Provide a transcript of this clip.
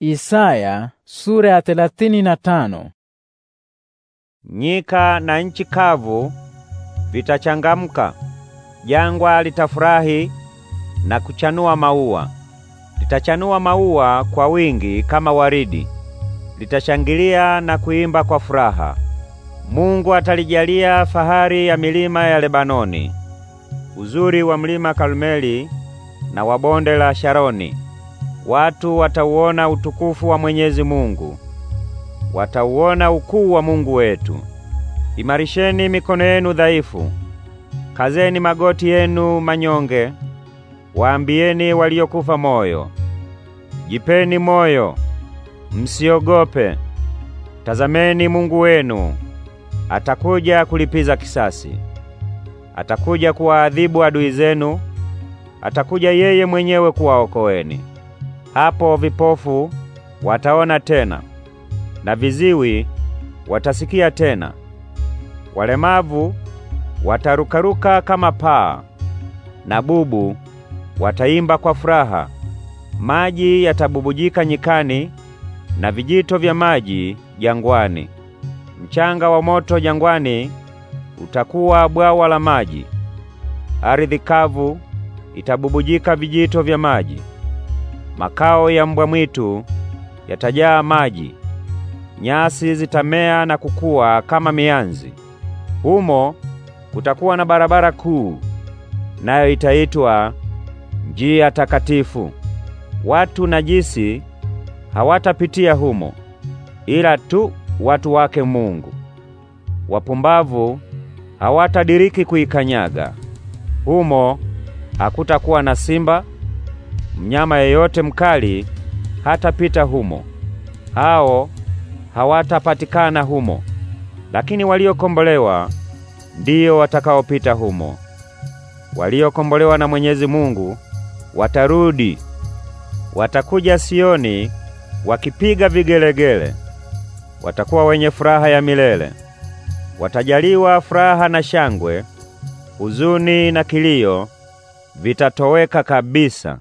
Isaya sura ya 35. Nyika na nchi kavu vitachangamka, jangwa litafurahi na kuchanua maua. Litachanua maua kwa wingi kama waridi, litashangilia na kuimba kwa furaha. Mungu atalijalia fahari ya milima ya Lebanoni, uzuri wa mlima Karmeli na wa bonde la Sharoni watu watauona utukufu wa Mwenyezi Mungu, watauona ukuu wa Mungu wetu. Imarisheni mikono yenu dhaifu, kazeni magoti yenu manyonge, waambieni waliokufa moyo, jipeni moyo, msiogope. Tazameni Mungu wenu atakuja kulipiza kisasi, atakuja kuwaadhibu adui zenu, atakuja yeye mwenyewe kuwaokoeni. Hapo vipofu wataona tena na viziwi watasikia tena, walemavu watarukaruka kama paa, na bubu wataimba kwa furaha. Maji yatabubujika nyikani na vijito vya maji jangwani. Mchanga wa moto jangwani utakuwa bwawa la maji. Ardhi kavu itabubujika vijito vya maji. Makao ya mbwa mwitu yatajaa maji, nyasi zitamea na kukua kama mianzi. Humo kutakuwa na barabara kuu, nayo itaitwa njia takatifu. Watu najisi hawatapitia humo, ila tu watu wake Mungu. Wapumbavu hawatadiriki kuikanyaga. Humo hakutakuwa na simba Mnyama yeyote mkali hatapita humo, hao hawatapatikana humo, lakini waliokombolewa ndiyo watakaopita humo. Waliokombolewa na Mwenyezi Mungu watarudi, watakuja Sioni wakipiga vigelegele, watakuwa wenye furaha ya milele. Watajaliwa furaha na shangwe, huzuni na kilio vitatoweka kabisa.